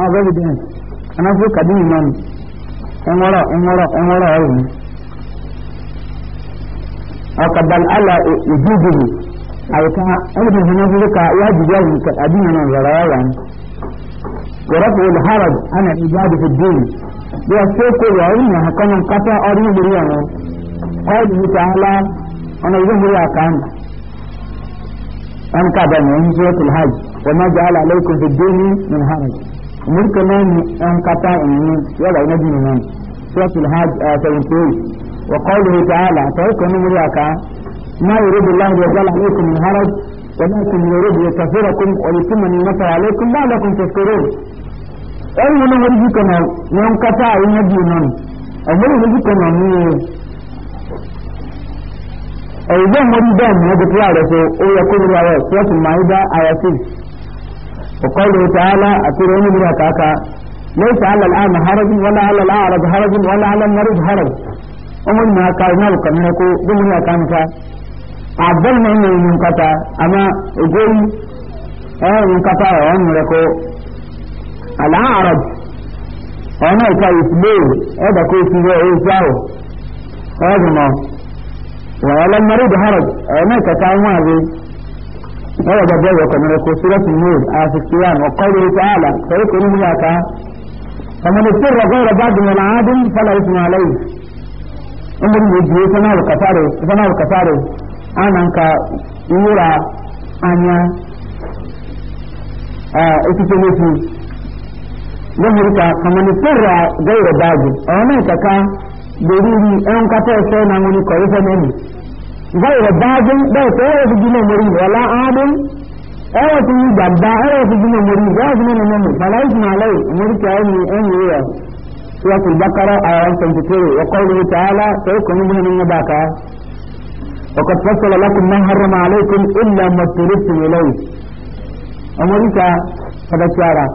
of evidence and I look at the imam umara umara umara ọrùn ọkàbàl àlà ìdíjìbì àyíká ẹnìkan fún ọdún lóka yájìbì àwọn àdínyàn náà rọrọ ọrọ ni wọ́rọ́pù olùhárọ̀d àná ìjáde fi dín bí wọ́n ṣe kó wà ọ̀rùn yàn kọ́nà kátà ọdún ìgbèrè àwọn kọ́ọ̀dù ní sàálà ọ̀nà ìgbèrè àkàndà wọn kàbẹ̀ ní ẹni sọ́ọ̀tù hajj wọ́n má jẹ́ àlà lẹ́kọ̀ọ́ fi dín ní ìhárọ̀d mulka nani an kata inani yaba ina dini nan suratul hajj 78 wa qawluhu ta'ala tawakkanu muriyaka ma yuridu Allah bi yajal alaykum min haraj walakin yuridu yutahhirakum wa yutimma ni'matahu alaykum la'allakum tashkurun ay wala wari kana nan kata ina dini nan amuri wari kana ni ay zan wari da ne da tsara so o yakuru ya suratul maida ayat وقوله تعالى أقول أمي بلا تاكا ليس على الآن هرج ولا على الأعرج هرج ولا على المريض هرج ومن ما كان يلقى منكو ضمن ما كان عبدنا إنه منقطع أما يقول أي منقطع عمركو الأعرج أنا كيسبيه هذا كيسبيه إيساو هذا ما وعلى المريض هرج أنا كتاو ماذي wọ́n bá bẹ́ẹ̀ wọ̀kọ̀ mẹ́rin kò sílẹ̀tì ní àfikíyàn ọ̀kọ́rù tààlà sọ̀rọ̀ kò ní mú yàtá ọmọdé tí ìrọ̀gbọ́ rẹ̀ bá dùn ọ̀nà àádọ́ fọlá ìsìn àlẹ́ yìí ọmọ mi yìí dùn ìfọ́nà òkàtàrò ìfọ́nà òkàtàrò àná nka ìwúra anya ètùtù lẹ́sù lọ́hùn ìka ọmọdé tí ìrọ̀gbọ́ rẹ̀ bá غير باغ بيت ايه في جنة مريض ولا عادل ايه في جنبا ايه في جنة مريض ايه في جنة مريض فلا يسمع عليه مريض ايه ايه ايه سورة البقرة آية 73 وقوله تعالى سيكون من النباك وقد فصل لكم ما حرم عليكم إلا ما اضطررتم إليه أمريكا هذا الشارع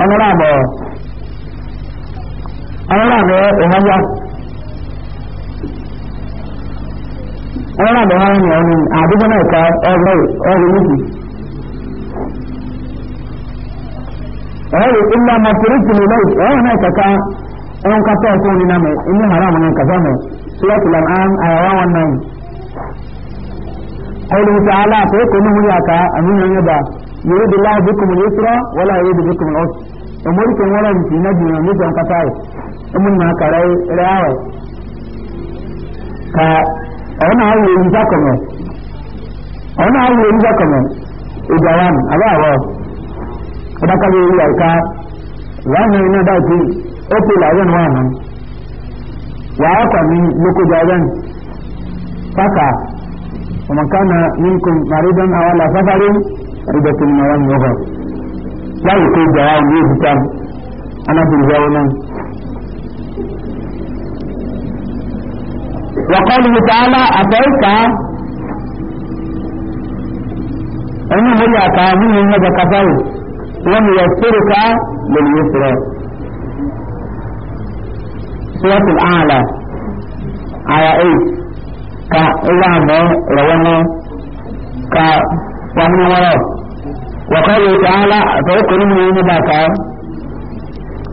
أنا رابع أنا رابع وهذا ọ̀rọ̀ àbẹ̀wá ni ọ̀run àdúgbò náà kọ́ ọgbẹ́ ọ̀rọ̀ méjì. ọ̀rọ̀ ilé ọmọ pèrèsì ní lẹ́yìn ọ̀rọ̀ náà kẹ̀kẹ́ ẹ̀hún kátó ọ̀tún ní nàmẹ̀ inú haram ní kàfẹ́ mẹ́ sílẹ̀kì lam án àyàwá wọn náà. قوله تعالى فيكم هم ياكا أمين يدا يريد الله بكم اليسر ولا يريد بكم العسر أموركم ولا في نجم يميزهم قطعي أمنا كرأي رأي ka ọ̀nà àwọn èyí jákọ̀mọ̀ ọ̀nà àwọn èyí jákọ̀mọ̀ ìgbàwọ̀n àbáwọ̀ ọ̀dàkàlẹ̀ orí àìká wàhùn iná dáìtì ó pè láwọn wàhùn wàá kọ̀ ní lókojá rẹ̀ fáka ọmọkánà nínkum maridan awala safari ridatun mawan yoga láyé kó gbàwọ̀n ní èbúta anábìrì وقوله تعالى أتيت أن هي تعظيم هذا كفر ونيسرك لليسر سورة الأعلى آية 8 كإلهام رونا ك وهم وراء وقوله تعالى أتيت من هنا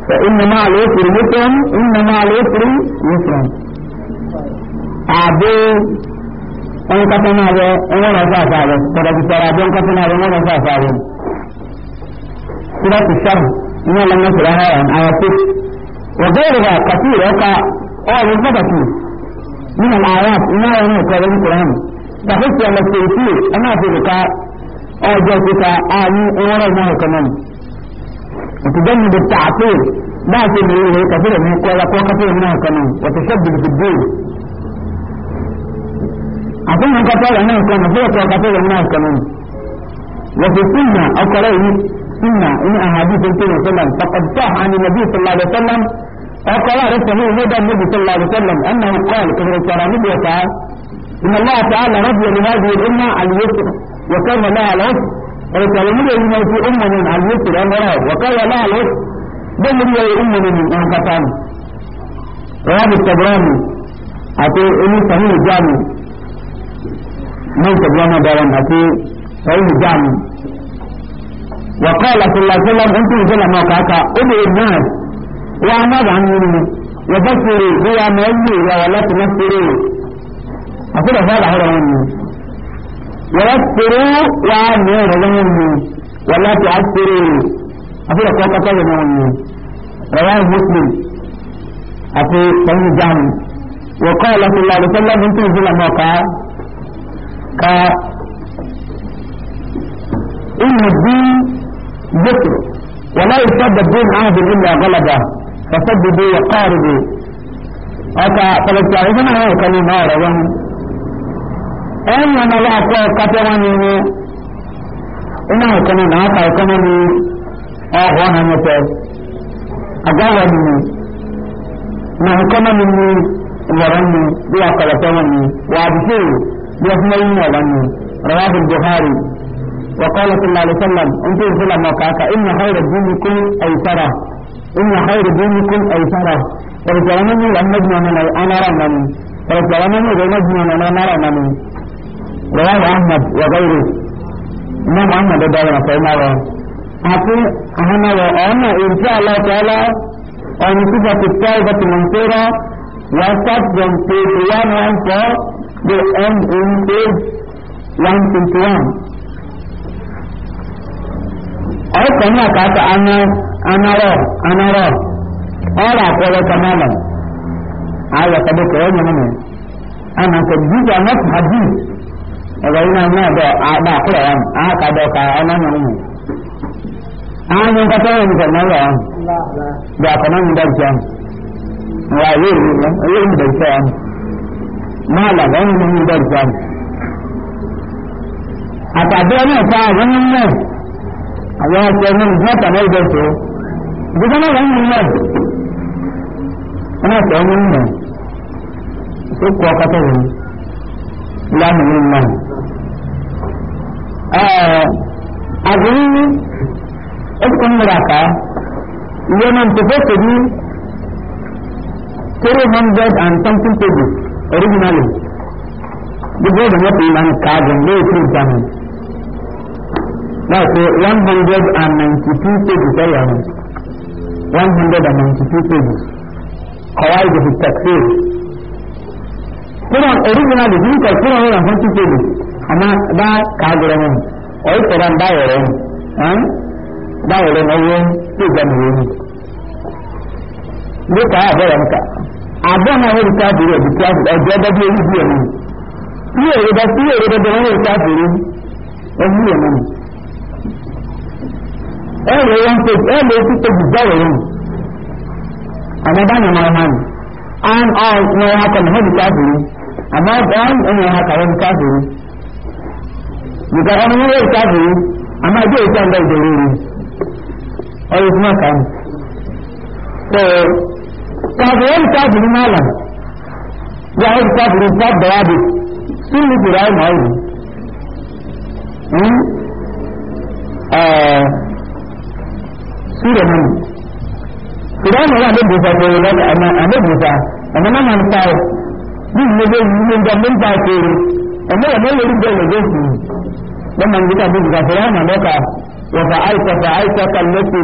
فإن مع اليسر يسرا إن مع اليسر يسرا àbí wọn kọ́tọ́ náà rẹ wọn lọ sáàsà rẹ pàtàkì sọ̀rọ̀ àbí wọn kọ́tọ́ náà rẹ wọn lọ sáàsà rẹ. sílẹ̀ kìsàrù iná lọ́mọ sọ̀rọ̀ ara rẹ̀ àwọn pé wọ́gẹ́rẹ́ rẹ̀ kàtí rẹ̀ ká ọ̀rọ̀ pàtàkì nínú àwọn iná rẹ̀ ní ìkọ́ rẹ̀ ní kùránù. tàbí tí a lọ sí èsì ẹ̀ náà fi rè ká ọjọ́ ìkúta àní wọn rẹ̀ mọ́ ọ̀kan náà. وتجنب من الكوره كثير من hakuna katola nayo kana sio kwa katola nayo kana وفي سنة أو كريه سنة إن أحاديث النبي صلى الله عليه وسلم فقد صح عن النبي صلى الله عليه وسلم أو كراه رسمه هدى النبي صلى الله عليه وسلم أنه قال كما كان النبي تعالى إن الله تعالى رضي لهذه الأمة اليسر وكان لها العسر وكان النبي إنه في أمة من اليسر أمره وكان لها العسر بل هي أمة من أنقطان رواه الطبراني أتي إني صحيح جامع من تبوانا داران أكو فإن جام وقال صلى الله عليه وسلم أنتم جل ما كاكا أدعي الناس وأنا عنهم وبصري هو مولي ولا تنصري أقول هذا هو ويسروا وأمير لهم ولا تعسروا أقول كوكا كلمة رواه مسلم أقول فإن جام وقال صلى الله عليه وسلم أنتم جل ما كاكا ka inna din zikr wa la yusadda din ahadun illa ghalaba fasaddidu wa qaribu aka falaka ibn hawa kani ma rawan ẹ̀yìn ọmọ wa kọ́ kápẹ́ wọn ni ní iná ìkànnì náà ká ìkànnì ní ọ̀hún ọ̀hún ọ̀hún ọ̀tẹ̀ àgbáwọ̀ ni ní náà ìkànnì ní ní ìwọ̀rọ̀ ni bí wàá kọ̀lọ̀tẹ̀ wọn ni wàá bí fèrè. يسمعين ولنه رواه البخاري وقال صلى الله عليه وسلم انت صلى الله عليه ان خير دينكم ايسره ان خير دينكم ايسره فرجعنا لما جمعنا انا رمني فرجعنا لما جمعنا انا رمني رواه احمد وغيره امام احمد دعونا فيما هو أقول أنا وأنا إن شاء الله تعالى أن صفة التوبة المنصورة وصف في قيامها they end in page 121. Ọ̀pọ̀ náà kàtà anárọ̀ anárọ̀ ọ̀rọ̀ àpẹẹrẹ kanáàlà ayọ̀ kàdókè ẹ̀yìn mọ́nà ànàkọ̀ jíjà náà hàbí ẹ̀rọ iná náà dọ̀ àbá àkúrẹ̀ wọn àkàdọ̀ ka ọ̀nà mọ́nà mọ́. Àwọn yẹn kàtà ẹ̀yìn nìkan náà yọ̀ wọn bí àkọ́nà mi dọ̀ jẹun wà yóò rí wọn yóò rí dọ̀ jẹun máàlà lọ́rùn ní ilé ìjọba àtàbí ọmọ ìta àwọn onímọ̀ àwọn ọ̀sẹ̀ ọmọ ìgbọ́n tàbí ìjọ tó ìjọba náà lọ́rùn ní ilé ọmọ ìta ọmọ onímọ̀ tó kọ ọkọtọ̀ wọn lánàá ní ìmọ̀ àgbẹ̀yìn ní ẹ̀kọ́ ń lọ àká ìyẹn náà tó fẹ́ pẹ̀lú three hundred and something pages originally gbogbo ìdánwò tó ìlànà káàdùn lóò tó ìdáhù láìpẹ́ one hundred and ninety two pages ẹ̀yà wọn one hundred and ninety two pages kọ̀wá ìdòfin tẹ̀síl kúrò originally bí nǹkan kúrò wọn yàn fún two pages àmọ́ bá káàdùn wọn ọ̀yẹ́ tẹ̀lé ń báyọ̀ rẹ̀ ń báyọ̀ rẹ̀ ń ọwọ́ tó ìdáhù rẹ̀ ń lókàá àbẹ̀rẹ̀ nǹkan. àbọ̀nà ẹ̀rù káàbìrì ẹ̀bù káàbìrì ọjọ́ ọdọ́dún orí bí ẹ̀mí tí èrè bá tí èrè bọ́dọ̀ wọn ẹ̀rù káàbìrì ẹ̀mí ẹ̀mí ẹ̀rù wọn tó ẹ̀rù ọ tó jù bẹ́ẹ̀ wọn àmọ́ bá nà máa hàn án ọ̀hún ẹ̀rù akọ̀nà ẹ̀rù káàbìrì àmọ́ ọ̀hún ẹ̀rù akọ̀nà ẹ̀rù káàbìrì nìkan ọmọ ní ẹ̀rù káàbìrì àmọ́ ẹjọ́ ìtàn kafin kafin malam ya yi kafin kafin da wadi sun yi kura yi ma'auri su da nan kura yi ma'auri abin busa ko yi abin busa amma na man kawo yin ne zai yi yin gambin ta kere amma ya mai yari da lagos ne don man gita bin busa kura yi ma'auri wa fa'aita fa'aita kallafi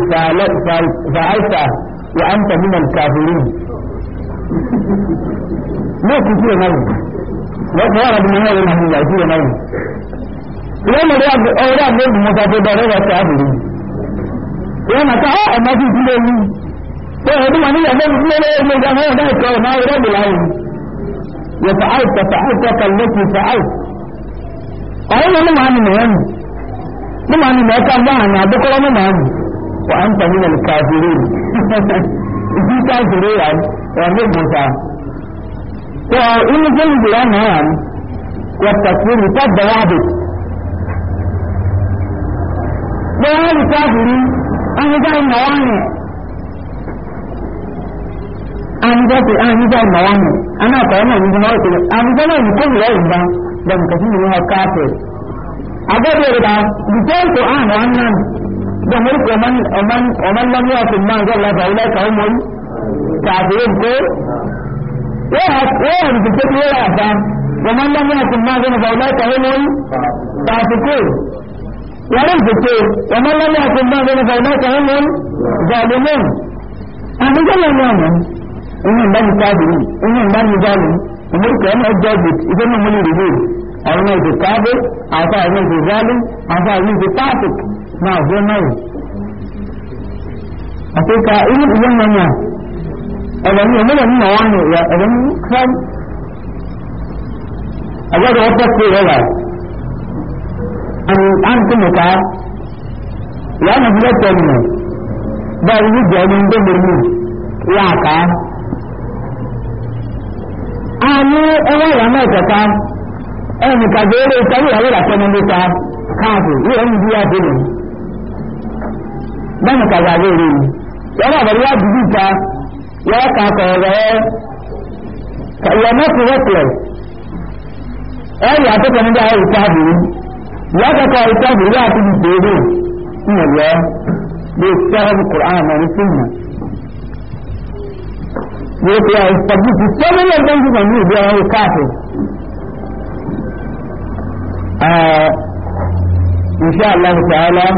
fa'aita wa anta min al-kafirin ne ku ce mai wa ta yara bin hawa na hin lafi da mai ya ma da aure da mu mota ko da rawa ta aburi ya ma ta a ma ji dole ni ko ya duma ni ya ga ni ne ne ga hawa da ko ma ya da lahi ya ta'alta ta'alta kallati ta'alta ayi ne mu ma ni ne mu ma ni ne ka ba na da ko mu ma ni wa an ta minal kafirin ìdí káfìrí rà wà ní ìgbòsà tó inú gbòǹgbò yà náà wà tàkìrì tó bẹ̀rẹ̀ àbò bẹ́ẹ̀ ní káfìrí anyigbá ìnáwó ni anyigbá ti anyigbá ìnáwó ni aná àkọ́yọ́ náà ní ìgbìmọ̀ ìpínlẹ̀ anyigbá náà ní kóòlù ẹ̀ ìgbà bẹ̀rẹ̀ kẹfì ní wọn káfìrí agbẹ́bẹ̀rẹ̀ bá dìtẹ́ ìtò àná jamhur oman oman oman lam yaqul man zalla fa ulai ka umul kafirun ko ya ha ko an bi take ya fa oman lam yaqul man zalla fa ulai ka umul kafirun yaran fice oman lam yaqul man zalla fa ulai ka umul zalimun an ga nan nan inna ban kafiri inna ban zalim umur ko an ajabit idan mun rubu a wannan kafir a fa wannan zalim a fa wannan kafir máa gbé náà àti ká irú ìlú mọ́nyà ẹ̀rọ ní ọmọdé nínú àwọn àmì ìyá ẹ̀rọ ní kran àgbàdo ọ̀pọ̀ kú rẹ̀ wà àmì àǹtí nìka ìyá àmì ìlú ẹ̀tọ́ nìyẹn báyìí ní ìjọ ní ndé mèrú ìyá àká àmì ẹwà ìyá náà kẹta ẹnìkàgbé eré ìtàwé ìyàwó ìlàsẹ́ ní ndé ta káàkiri ìyá ẹni bí wà dé nìyẹn bẹ́ẹ̀ni kàgbà léèrè ni yọ̀rọ̀ àbẹ̀rẹ̀ wá dùdú ta yọ̀rọ̀ kan sọ̀rọ̀ ẹ̀ yọ̀ mọ́tò wọ́pẹ̀lẹ̀ ẹ̀rì àtọ́kọ̀ níbi àwọn ìtàbí lọ́kọ̀kọ̀ ìtàbí wà fún ìgbèrè ìyẹ̀lẹ́ lè sẹ́wọ́n kùrán mọ̀ ní fíìmù yóò fi àwọn ìtàbí ti sẹ́wọ́n lọ́gbẹ́ ń gbìmọ̀ ní ìgbé àwọn ìkáàfì ìṣe àlàkùtà ọlọ́run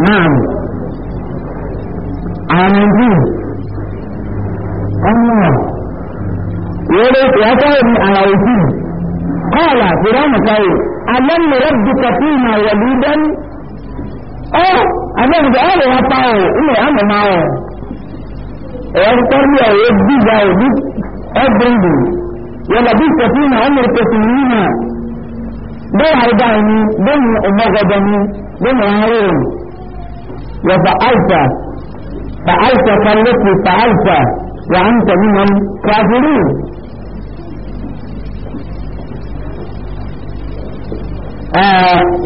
نعم آمنين الله وليس يتعب على وجهه قال فرعون قال ألم نربك فينا وليدا أو أنا بقول يا طاو إني أنا معه أذكر لي يبدي جاودي أبدي ولبثت فينا عمرك سنين ده هيدعني ده مغضبني ده معارضني وفعلت فعلت كالتي فعلت وأنت من الكافرين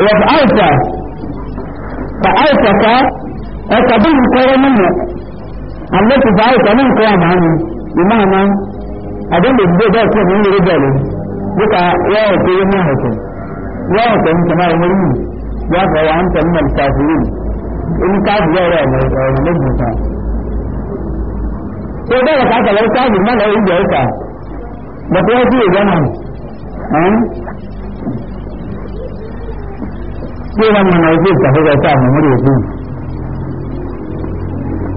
وفعلت فعلتك وكبير خير منك التي فعلت من قيام عنه بمعنى أدل البيضاء كيف من رجاله بك يا وكي ما هكذا يا وكي انت ما يمرين يا وأنت من الكافرين 我们家不要来，我我我你不要我那个家婆老家婆妈来，人不要来。我不要去，好嘛，啊？你让他们就咱们再上门去。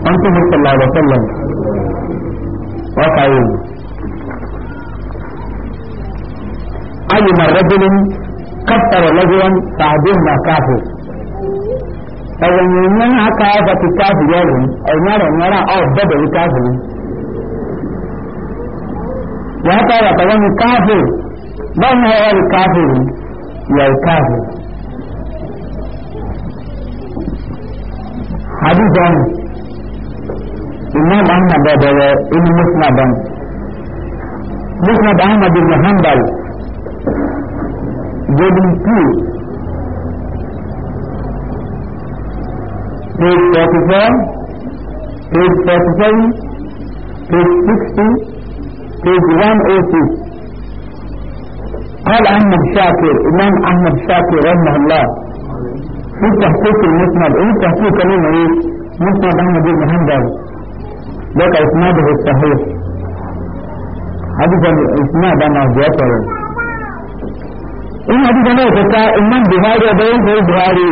阿弥陀佛，阿弥陀佛，阿弥陀佛。阿弥陀佛，阿弥陀佛。ẹ̀wọ̀n yìí ní aka ọba ti káàfù yẹ ẹ̀wọ̀n ẹ̀nyẹ́rẹ̀ ẹ̀nyẹ́rẹ̀ ọ̀ bẹ́bẹ̀ ní káàfù ni. wọ́n kọ́ ọ̀rọ̀ pẹ̀lú ní káàfù báwo ni ọ̀rọ̀ ní káàfù ni yẹ káàfù. àdìgbọ́n ìmọ̀ àmà bẹ̀rẹ̀ rẹ̀ inú mùsùlùmí mùsùlùmí ahmed muhammad jẹ́bi pure. page 44, page 47, page 60, page 102 قال أحمد شاكر إمام أحمد شاكر رحمه الله في تحقيق المسند إيه تحقيق كلمة إيه مسند أحمد بن حنبل لك إسناده الصحيح حديث الإسناد أنا ذكر إن حديث الله إمام بخاري أبوين في البخاري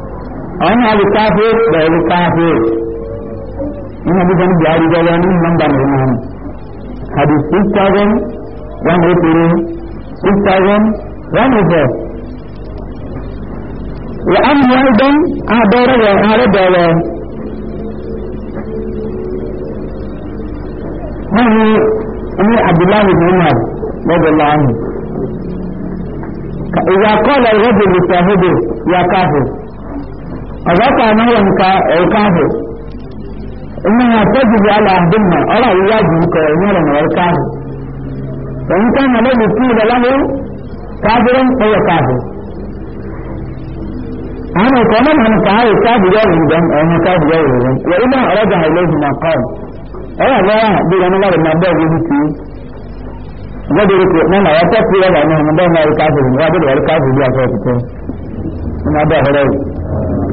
àwọn alùkáfẹ́ pẹ̀lú káfẹ́ nínú abúgbà ní buhari jọba ní nọmba nìyẹn àti six thousand one eight three six thousand one eight four. وأن أيضا أعبر وأعرض على هذه أمي عبد الله بن عمر رضي الله عنه إذا قال الرجل لصاحبه يا كافر ọ̀gọ́ta náà nka ọ̀ka ahụ onye ha tẹ́jìdì ala àdínà ọ̀rọ̀ àwíwá jù nka ahụ káàdúró ọ̀rọ̀ ìgbẹ́n ọ̀hún káàdúró ọ̀rọ̀ ìgbẹ́n wẹ̀rí náà ọ̀rọ̀ jà ilé ìgbìmọ̀ kọ́ ọ̀rọ̀ àgbẹ̀rẹ̀ bí wọn lọ́wọ́ nà bẹ́ẹ̀ bí ti gbọ́dọ̀ rẹ̀ náà nà wọ́n tẹ́ sí ọ̀rọ̀ na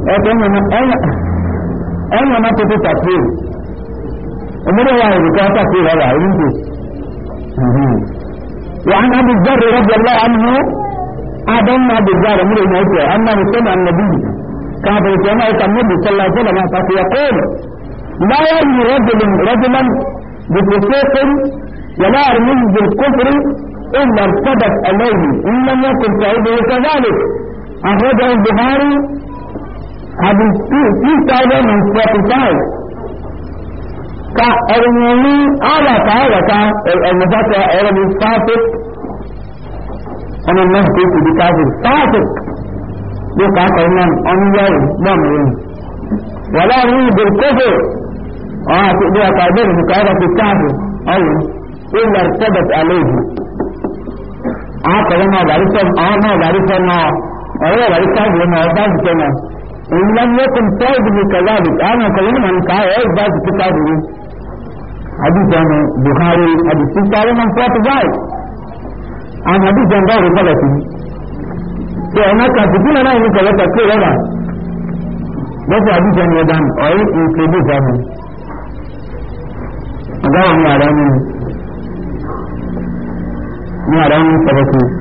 وعن ابي الذر رضي الله عنه ادم ابي الذر من الموت انه سمع النبي كان في السماء النبي صلى الله عليه وسلم فيقول لا يرمي رجل رجلا بفسوق ولا يرميه بالكفر الا ارتدت عليه ان لم يكن تعبه كذلك اخرجه البخاري at 2045 ka ẹ̀rìnyẹ̀mí àwàta àwàta ẹ̀rìnyẹ̀fàta ẹ̀rìnyẹ̀ fásitì ọmọ náà tó kù bí káfíìn fásitì ló kà á kọ̀ọ̀ náà ọmọ yẹ̀rì bọ́ọ̀mù yẹn wà láàrin ìbèrè kófò ọ̀hún àti ìdí ọ̀pá ìbèrè nìkan ẹ̀rọ ti káfíìn ọ̀hún ilẹ̀ tẹ́bẹ̀tì àlejò àwọn kọ̀ọ̀ náà ọ̀bàrí fẹ́ náà ọ̀rẹ́ ọ̀bàrí káfíìn náà ọ̀bá إن لم يكن صاحبه كذلك أنا أكلم عن كائن ذات كتابه حديث عن بخاري حديث كتابه من فوات ذلك عن حديث عن غير ثلاثة فهناك كتير أنا إنك لك كل هذا بس حديث عن يدان أي إنكليبي فهمه هذا هو يعلمه يعلمه سبكه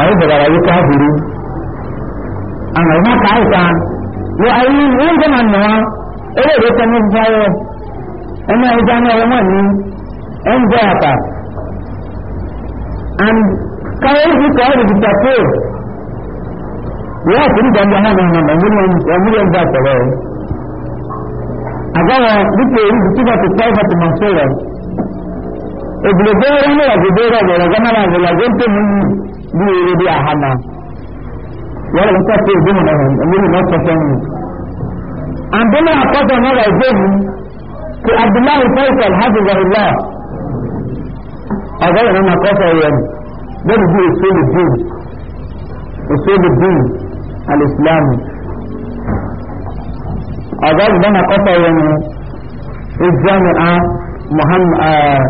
ọ̀rẹ́ bẹ̀rẹ̀ ayé káàbìrì àwọn ọ̀rẹ́ náà káàkà wọ ayé wọ́n jẹ́ màá nà wá eré ìwé kan ní ìfúnfáyọ ẹni ayé jáná ọ̀rẹ́ wọn ní ẹni jẹ́ àpà and káwé ìlú kọ́ ọ̀rẹ́ ti tàpé wọ́n àkúrú gbàgbé hàn ní ọ̀nà mílíọ̀n bá tẹ̀lé àgbàwọ̀ dípò èyí ti tí bá ti tẹ́ ìfọ̀tì mọ̀ sílẹ̀ òbílẹ̀ bẹ́ẹ̀rẹ̀ ní ọ̀gbẹ̀dẹ́rẹ̀ ọ̀gbẹ̀rẹ̀ gánà àgbẹ̀lẹ̀ àgbẹ̀ntẹ́ mú yìí bí eré bí àhàmà wọ́n lè tọ́ sí ìdíhùn náà ẹ̀mí náà sọ sẹ́yìn. àǹdínú àkọ́sọ̀ náà rẹ̀ gbóhùn kí abdullahi faisal hajj zahilá ọ̀gá ìrìn náà kọ́sọ̀ yẹn lórí bí òṣèlú dín òṣèlú dín alìsílámù ọ̀gá ìrìn náà kọ́sọ̀ yẹn ni ìjọ́nù á muhammad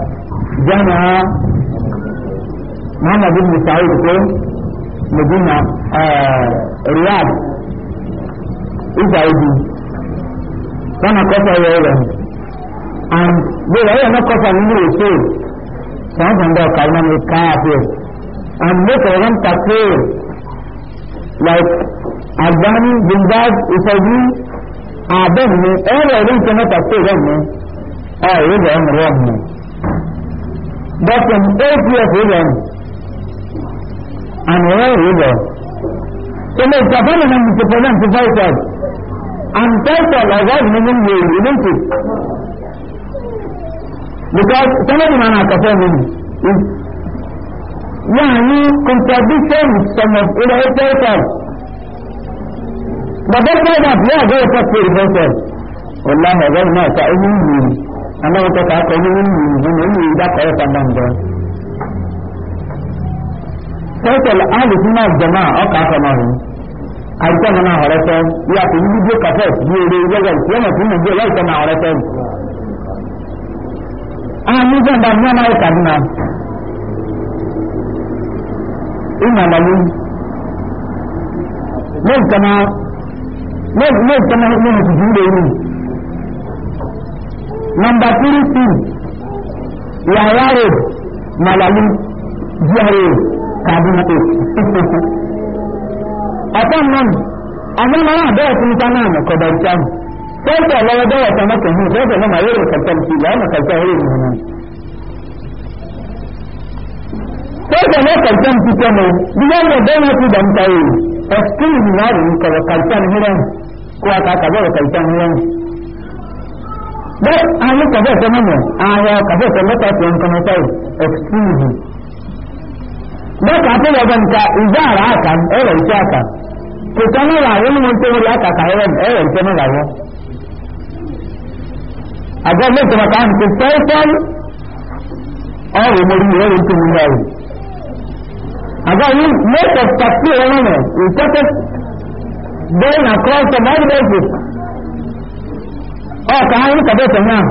jọ́nù á. muhammad ibn sa'id ko medina eh, riyad isaidi wọn akọsọ yẹ rẹ and bẹẹ ẹ yẹ ní kọsọ nínú èso sàn sàn dọ kàwé náà mi ká àfẹ and make a one tattoo like agbani zimbabwe isaidi abẹ́n mi ẹ rẹ̀ rí nǹkan náà tattoo rẹ̀ mi ẹ rí rẹ̀ ń rọ̀ mi but in eight years rẹ̀ mi and where you go. So like Japan and the Japan society. And that's all I was moving you, isn't it? Because some of them are performing is yani contradiction some of the other But that's why that we are going to take reversal. والله ما قال ما تعلمني أنا وتكاكلني من من إذا قرأت عن ذلك tẹ́tẹ̀l alùsùnà jẹ̀mà ọkà àfọ̀mọ́rin àìsàn náà ọ̀rẹ́tẹ́ yàtọ̀ ní bíbí kàfẹ́ bí eré lọ́wọ́ ìfìyàmọ̀ tí mo gbé láìsàn náà ọ̀rẹ́tẹ́. àmì gbọ̀ngà ní ọmọ ẹ̀ka nínà ìmàlàyé lóòtọ́nà lóòtọ́nà ní ìtìjú ilé yìí. nọmba tiri tì yàrá rè màlàyé kàdúrà tó. ọ̀pọ̀ náà àwọn ọmọ náà bẹ́ẹ̀ fún nípa náà kọ̀dà ìjà nù. sẹ́ẹ̀tì ọ̀lọ́wọ́ bẹ́ẹ̀ ọ̀tọ̀ náà kẹ̀hìn sẹ́ẹ̀tì náà máa yẹ̀rọ kẹ̀kẹ́ ti ìyá ọ̀nà kẹ̀kẹ́ yẹ̀rọ ìmọ̀ náà. sẹ́ẹ̀tì ọ̀lọ́wọ́ kẹ̀kẹ́ ti tẹ́ mọ́ bíyá ọ̀nà bẹ́ẹ̀ náà ti dàmta yìí ẹ̀sìn ìnáàrin kọ̀rọ̀ kẹ̀kẹ́ ni hírẹ̀ kó a kà kàbọ̀rọ̀ kẹ̀kẹ́ ni hírẹ̀. bẹ́ẹ̀ àwọn kàbọ̀ọ̀tọ̀ mọ̀ àwọn kàbọ̀ọ̀tọ̀ mẹ́ta ti ń kọ́mọ́tà yìí ẹ̀sìn ìnáàrin bẹ́ẹ̀ka tó yẹ gbẹ̀ǹta ìjà àrà àkà ẹ̀rọ ìṣe àkà kò tán náà wà nínú tó wọlé àkàkà ẹ̀rọ ìṣe náà wà wọ́n. àgbà ilé ìṣẹ̀lẹ̀ kan ti tẹ́tẹ́n ọ̀rọ̀ mo rí ẹ̀rọ tó ń bá rẹ̀. àgbà yìí lẹ́tọ̀ tàbí ẹ̀rọ rẹ̀ ìtẹ́tẹ́ bẹ́ẹ̀ nà kọ́ ọ̀sẹ̀ báyìí bẹ́ẹ̀ sì. ọ̀kà ayé kàbẹ́sẹ̀ náà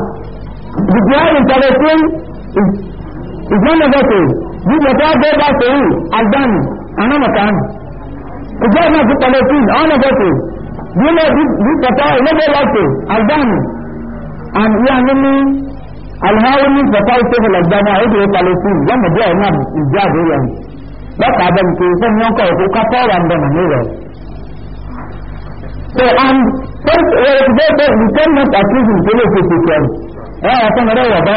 ìdìbò àrùn tẹ̀lé sí ìgbọ́n nígbà tó gbé bá sèyí agbáni anamọ̀kánu ìjọ náà ti pẹ̀lú tí ọ̀nà fẹ́tẹ̀ nílẹ̀ dípẹ̀tọ́ ìlẹ́gbẹ̀ lọ́tẹ̀ agbáni àyà nínú alhawo ní pẹ̀tọ́ ìṣẹ́fẹ̀ lọ́gbàmọ́ èdè pẹ̀lú tí lọ́mọ bí ọ̀nà ìjọ àdúrà ni lọ́kà abẹ́ni tó fẹ́ mọ́ kọ̀ ọ̀kọ́ kápọ́ ọ̀rọ̀ àǹdọ̀ nà ní rẹ̀. so and first where to go there the ten months at least in the village is to tell ẹ ọ̀sán rẹ̀ wọ̀ bá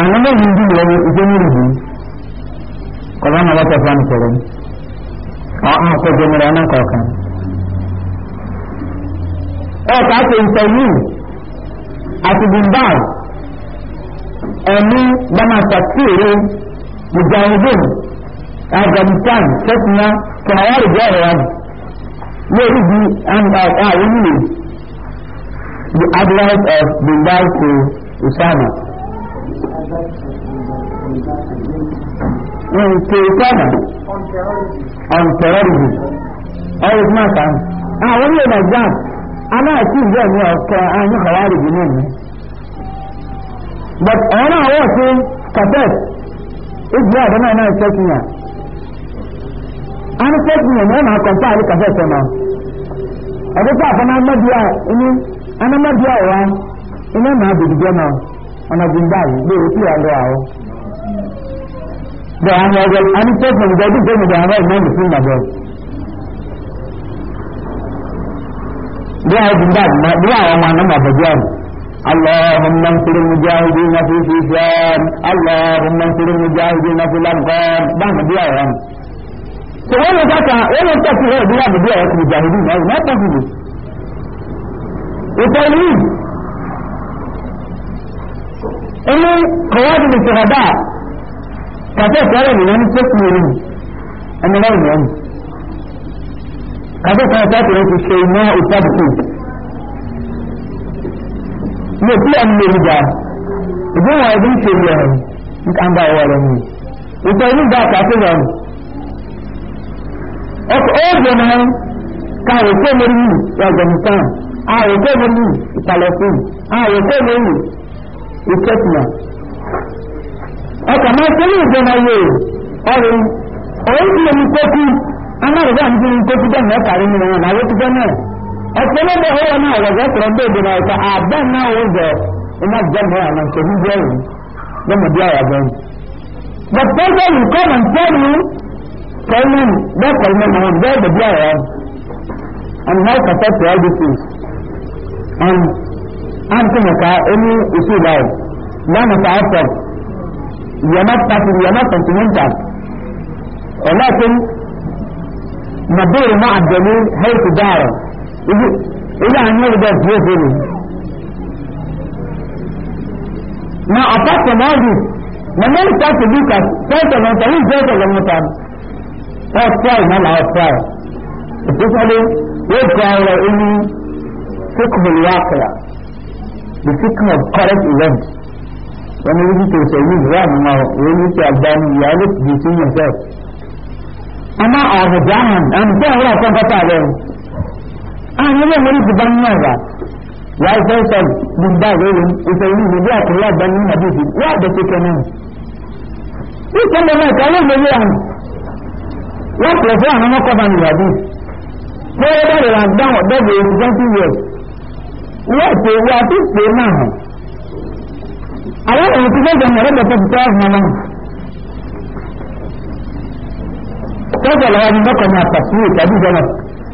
àwọn méjì bí lọ ní ìgbé ní ìlú kọlá náà wọ́pọ̀ fún àmìkọ̀rọ̀ àwọn àkójọ mìíràn náà kọ̀ọ̀kan ẹ ká ṣe ìtẹ̀lú àti bimbaal ẹni bama sàkíyèrè mujahideen afghanistan sẹ́tìmá kàwárì bí ọ̀rọ̀ wájú lórí bí àwọn onílé the advice of bimbaal to usama. Nkekana on terrorism. Ọ̀rọ̀ na ah, uh, But ọ̀rọ̀ àwọn ọ̀sẹ̀ kàfẹ́t ìjọ àdán náà náà ṣẹ́ kìíyàn. A ní ṣẹ́ kìíyàn ní ọ̀nà àkọ́ntà àrí kàfẹ́t nọ Ọ̀dọ́ta àfọ́nà mẹ́bíà ẹni anamẹ́bíà ọ̀wá ụwa náà bèbí jẹ́ ọ̀nàgùn báyìí bí o tí wà lọ àwọ. bẹ́ẹ̀ àwọn ọ̀gá àní tẹ́sán ìjọ bí tẹ́sán ìjọ àwọn ìmọ̀ ìfún ìgbàgbọ́. bí àwọn ọ̀gá bí àwọn ọmọ àná màbọ̀jọ́ àrùn. اللهم انصر المجاهدين في سيسان اللهم انصر المجاهدين في الأنقام بعد بيعه سواء ذاك ولا تكفي غير بيعه بيعه المجاهدين أي ما تكفي وتوليد inú kọwádìí lè ṣẹ̀rọ̀ dáa kàtẹ́ ìkọ́rẹ̀ ènìyàn ní sẹ́kù orí ẹnìyàn ènìyàn kàtẹ́ ìkọ́rẹ̀ sáàtì rẹ̀ ti ṣe iná ìtàbùkù ní òkú ẹni lè rí dáa ìgbóhùn ẹbí ń ṣe ìlú ẹ̀rọ ní kàńbà ọwọ́ rẹ̀ ni ìtọ́ inú dáa kàtẹ́ rẹ̀ ọkọ̀ ó jẹ́ náà káàrọ̀ kó lórí afghanistan àròkó lórí palestine àròkó lórí ìtẹ́kùnà ọkà máa tẹ́lẹ̀ ìjọba yóò ọrùn ọ̀rọ̀ tí omi kókú amáyọ̀dá ń bí kókú bẹ́ẹ̀ mẹ́ta rí nínú wọn àwọn òkúta náà ọ̀pọ̀lọpọ̀ ọ̀rọ̀ náà ọ̀rọ̀ ọ̀sọ̀rọ̀ bẹ́ẹ̀ dènà ọ̀sà àbẹ́ náà ó zọ iná jẹ́mọ̀ àná kẹ́lú bẹ́ẹ̀rù lọ́mọ bí àyà bẹ́ẹ̀ the person who come and tell you kẹ́lẹ́n bẹ́ẹ̀ kẹ́lẹ́n náà bẹ́ẹ̀ dẹ̀ bí àyà and now all these and an kuma ka ini usul lawo la na ta'assar ya ma tafi ya ma tafi min ta walakin nabir ma ad-dalil haythu dara ila an yurda fihi na apart from all this na many times to look at first of all he just a long time or try na la try especially we try any فقه الواقع the seeking of correct events. When you listen to say you run now, when you say done, you are just deceiving yourself. Ama ọ̀rọ̀ jáhàn, àmì tí àwọn ọ̀kan kọ́ta rẹ̀. Àwọn ilé ìwé ti bá to yàn done Wà á fẹ́ sọ gbígbà lórí ìfẹ̀yìn ìlú bí àkùnrin àgbà ní Nàbíyì. Wọ́n àgbẹ̀ ti kẹ́ náà. Ní ìpínlẹ̀ náà, You ìlú yẹn wọ́n pẹ̀lú fún àwọn ọmọkọ̀ọ́bà ní Nàbíyì. Wọ́n yẹ bẹ́ẹ̀ rẹ̀ àdáhùn ọ̀dọ́gbẹ̀ẹ́ 20 years wọ́n ṣe ìwé àti ìpè náà hàn. àwọn èèyàn ti fẹ́ẹ́ jẹun ọ̀rẹ́dẹ̀ tó ti tẹ́ ọ̀hún náà. sọ́jà lọ́wọ́ ni mọ́kàn ní àpàtì ìtàbí ìjọba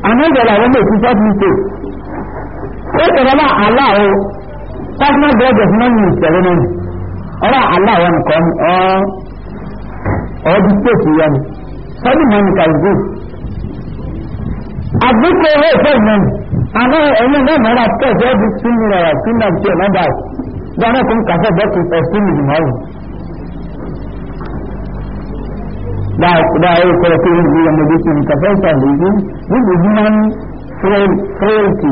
àmọ́ ìjọba àwọn ọmọ ìfúnṣẹ́ ti ń tè. ó sọ̀rọ̀ náà aláàwọ̀ personal bread of money ìṣẹ̀lẹ̀ náà ọ̀rọ̀ aláàwọ̀ nìkan ọ̀ọ́ di stéètì yá ni sọ́dún mọ́nìkà ìgbò àgbékò owó ìfẹ́ ìnáwó àmọ́ ẹni náà mọ́ra tẹ̀sí ẹ́ di sínú rẹ̀ sínú àti ẹ̀ lọ́dà dáná tó ń kàṣẹ́ bẹ́ẹ̀ kò fẹ́ sínú ìgbìmọ̀ rẹ̀. dáa ó kọ́ pé ìlú ọmọdé sí ní kàṣẹ́ ìtàlẹ̀ ìlú níbi human frailty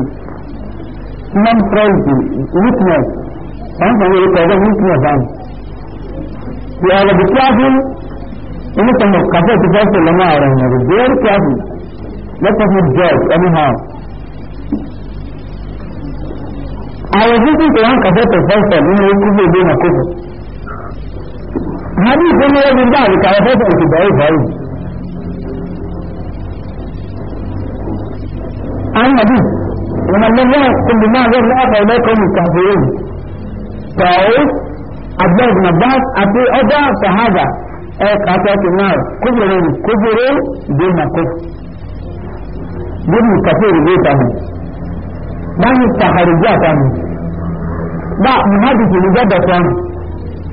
human frailty weakness wọ́n kàn wọ́n kọ́ weakness am. the other be careful inú kan kàṣẹ́ ti fẹ́ sọ̀rọ̀ náà rẹ̀ very careful let us not judge anyhow. àwọn ìfúnfún tó wọn kàfẹ́ tó fọ́sọ̀ nínú ikúgbò ìdó nà kókò hàbí ìfúnni ẹbí bá àríkà ẹfẹ́sọ̀ òkè bẹ̀rẹ̀ bẹ̀rẹ̀ àwọn àbí wọn lọ́wọ́ kùnbí máa lọ lọ́wọ́ ẹlẹ́kọ̀ọ́ ní kàfẹ́rẹ́ tàó abdul nabas àti ọjà sahaba ẹ kàfẹ́ tó náà kúbèrè kúbèrè ìdó nà kókò bí mi kàfẹ́rẹ́ ló dànù báyìí sàhàrìjì àtàmì bá muhammadu ní gbọ́dọ̀ tán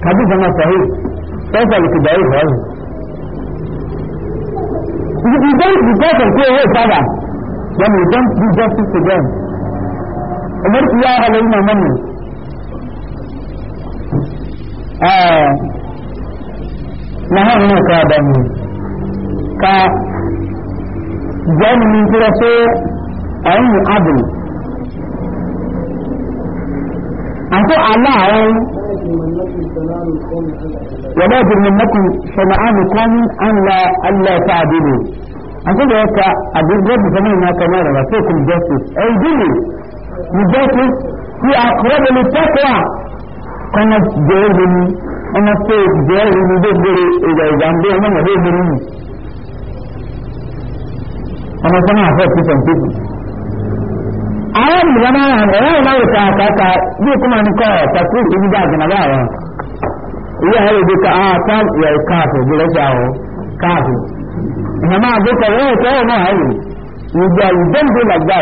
kàbí ìjọba sọ̀rọ̀ sọ́sọ̀ ìkìdá ìfọ̀ rẹ̀. You don't be better to your father when you don't do justice to them. Ọmọ tí yá ọ̀rọ̀ yìí mọ̀ mọ̀ Nàá ní ọ̀ka àdàmì ka jẹ́ mi ní kí wọ́n ṣe ọ̀hún àbùrù. أنتو الله ولا منكم شنعان قوم أن لا ألا تعدلوا أنتو ذلك أقول رب زماننا كما رسولكم جاسوس أي دلوا الجاسوس هي أقرب للتقوى كما جاهلني أنا سيد جاهلني بذل إذا إذا أمدي أنا بذلني أنا سمع فاتي تنفيذ àwọn ènìyàn máa hàn ẹ̀rọ ìnáwó ta àkàkà bí kúmọ̀ ní kọ́ ọ̀tàkùn ìbí bá àjìnà bá wọn. ìyá ẹ̀rọ ìdí ka àwọn tán yẹ káàfù gbọ́dọ̀ sí àwọn káàfù. ìyá máa gbé kọ̀ wọ́n ìkọ́ ọ̀nà àyè ìgbà ìdẹ́ǹdé làgbà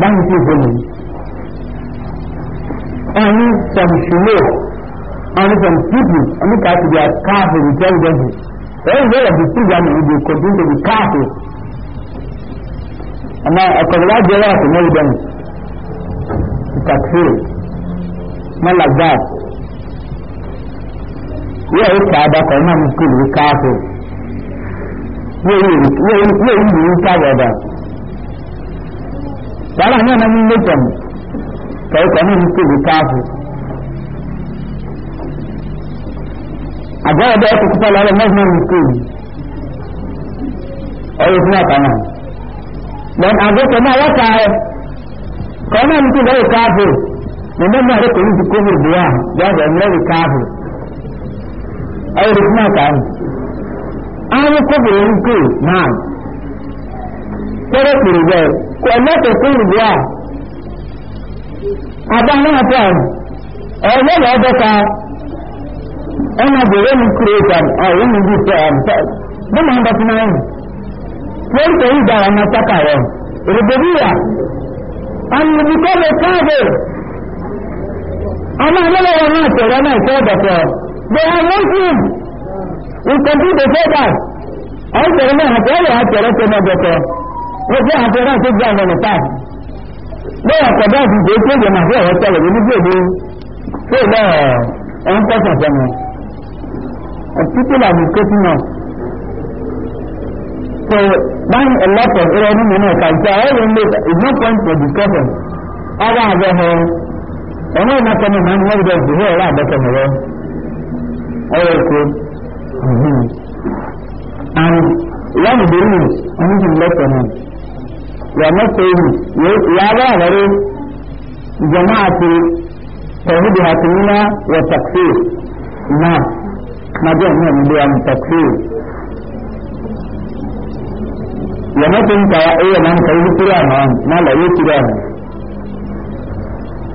báyìí tí ìfẹ́ mi. ọ̀nì sọ̀mùsùlò ọ̀nì sọ̀mùsùlò ọ̀nì káàfù bí i káàfù ìjẹ́ ìjẹ́ amma akwai wajen yawa su mai don takfir malaga yau yi tsada kwa nan kuri kafin yau yi yi tsada da tsara ne na mun mutum kai kwa nan kuri kafin a gaba da ya kusa lalata mazmin mutum a yi suna kanan dan abu kuma ya tare kana mutum da kafu mun dan da ko yi kufur biya ya ga mun kafu ai rukma kan an kufur yin ku na kare ku ga ko na ta kufur biya adan na ta ai ne da da ka ana da yin creator ai yin bi ta mun da kuma yin wọ́n tẹ̀ ń gba àwọn sákà rẹ̀ rògbòdìyà àmìlùkọ́ lè káàbò ọmọ ìlọ́wọ́ wọn náà tẹ̀rọ náà tẹ́ ọ̀dọ̀tọ̀ they are muslim we compete the federal ọ̀n tẹ̀rọ náà àti ọ̀rọ̀ àtẹ̀rọ tẹ́ náà dọ̀tọ̀ wọ́n tẹ́ àtẹ̀rọ náà tó gbà wọn nípa lọ́wọ́ kọ̀dọ̀ àti ìgbé tó yẹ màá ọ̀rọ̀ tẹ̀lẹ̀ ní So buying a lot of Iranian money can tell them later. It's no point for discussion. Other as a whole, and we're not coming man, what does the whole lot better than that? All good. And one of the rules, anything less than him. We are not saying, we are very جماعة توحيدها na وتكفير نعم ما جاء من التكفير yammacinka ya iya nan kai hukura na wani na laye kira ne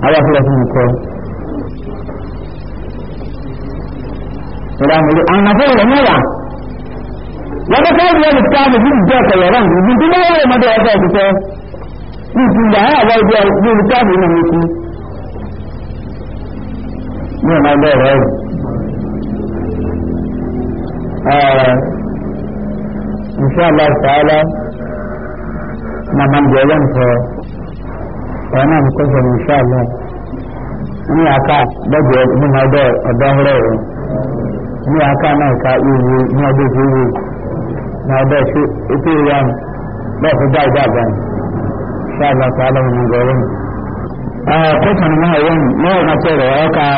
ala fura sun ko ila mulu an nafa da mura wata kai da ta da jin da ka yaran jin da ya ma da ya ta ko ni tun da ya ba da jin da ta ne ku ne na da rai eh ah. insha ta'ala na jalan da yawan ta yana mu Allah ni akan bagi da ni ma da da hore ni aka na ka iwu ni da itu yang da shi ita yan da ku da Allah ta'ala mun ah ko kan ma yan ne na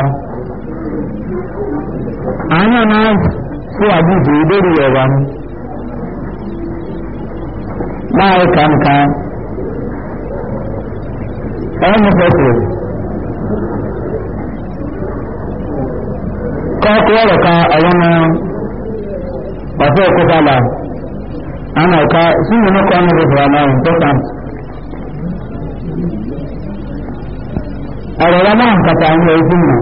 Anak da suami ana dia kan máa ń kàn kàn ẹ̀rọ mi fẹ́ tó kọ́kọ́ ọ̀rọ̀ kan àwọn ọ̀fẹ́ òkúta là ana ọ̀ka sínú ní kọ́ ọ́nà ìfọ̀ àmọ́ ìtọ́ka ọ̀rọ̀ wa náà nkàtà ń yọ ojú mọ̀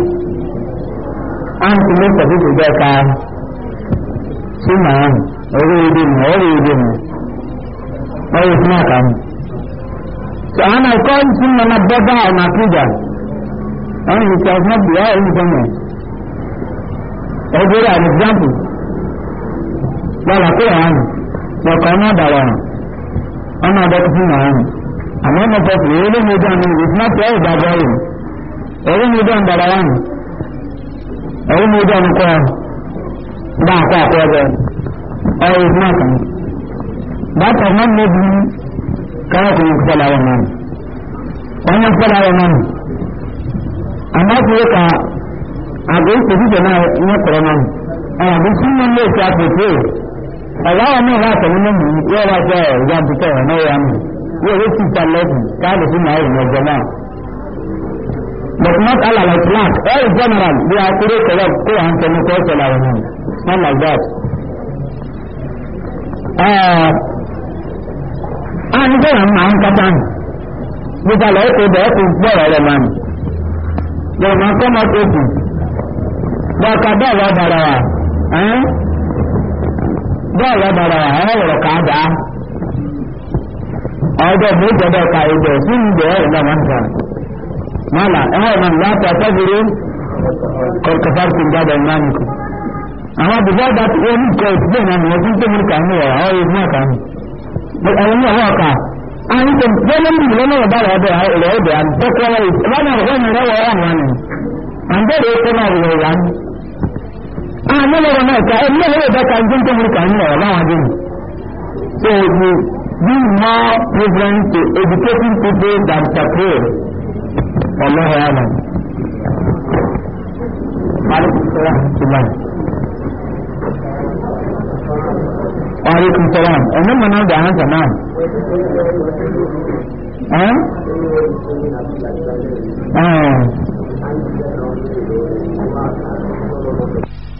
á ń tún lé sọ̀tún tó bẹ́ẹ̀ ká sínú àwọn orí ìdí mọ̀ orí ìdí mọ̀ wọ́n fún àkàmù sọ̀hánà ẹ̀kọ́ ìsìn nana bọ́bá ọ̀nà àkújà wọ́n yìí sọ fún bìyà ẹ̀yìn sọ́mọ̀ ẹgbẹ́rẹ́ àti ìjàmpù lọ́la kó yà hàn lọ́kọ̀ ọ̀nà àdàlọ́ hàn ọ̀nà àdàlọ́ fún yà hàn àmọ́ ọ̀nà pọ̀pù èyí ló mú dán ní ìfúnná tó ẹ̀ dàgbà yìí èyí mú dán dàlọ́ kan bákan náà ló bí káyọ̀ kò ní kúfẹ́lá wọn náà wọn ní kúfẹ́lá wọn náà àmọ́ kò yẹ ká àgọ́ ìpèsè náà ní kọ̀ọ̀ náà ẹ̀yà bí kí wọ́n lè ṣe àpètè ọ̀gá wọn náà láti ẹ̀mí mímu yóò wá sọ ìyá àbúkọ̀ ẹ̀ náà yá mi yóò wé sí ìtàlẹ́kùn káàdì fún màá ìrìn ọjọ́ náà. but not all our plans all general we are kúrò kọ̀rọ̀ kó à ń tẹnu kọ́ sọ̀rọ̀ àwọn náà not like that. Uh, àti bẹ́ẹ̀ àwọn máa ń kátà nù gbogbo àlọ́ èkó bẹ́ẹ̀ kò gbọ́rọ̀ rẹ̀ máa nù yóò máa kọ́ máa tóbi bọ́ọ̀ka bẹ́ẹ̀ wá bàrà wà ẹ́n bẹ́ẹ̀ wá bàrà wà ẹ̀rọ wọ̀rọ̀ kà á dà á ọ̀dọ̀ mi gbọ́dọ̀ ka ẹ̀jẹ̀ sí mi bẹ́ẹ̀ ẹ̀rọ náà máa ń kà mọ́là ẹ̀rọ náà láti àtẹ́gbèrè kọ̀ọ̀kọ̀fà tó ń gbádùn náà nìkan àwọn àbùkù àgbà tó ń kọ̀ ìtúbọ̀ náà nìyẹn tó ń tó mú kà ń wọ̀ ọ́ ẹ̀rọ náà wọ́n kà àwọn ìṣe gbọ́dọ̀ bí ìlú náà bá wà bẹ́ẹ̀ ọ̀rọ̀ ọ̀dọ̀ àbẹ́kọ̀ wọ́n náà wọ́n náà wọ́n wà nù. àǹdẹ̀rẹ̀ ètò náà wọ̀ wà nù. àwọn ọlọ́rọ̀ náà ká ẹ̀ ní ọ̀rọ̀ ìdáka ń tó mú kàn ní ọ̀rọ̀ láwọn adé so we be more prevalent to educating people than to pray. ọlọ́rọ̀ yà وعليكم السلام انما نرجع عن تمام ها اه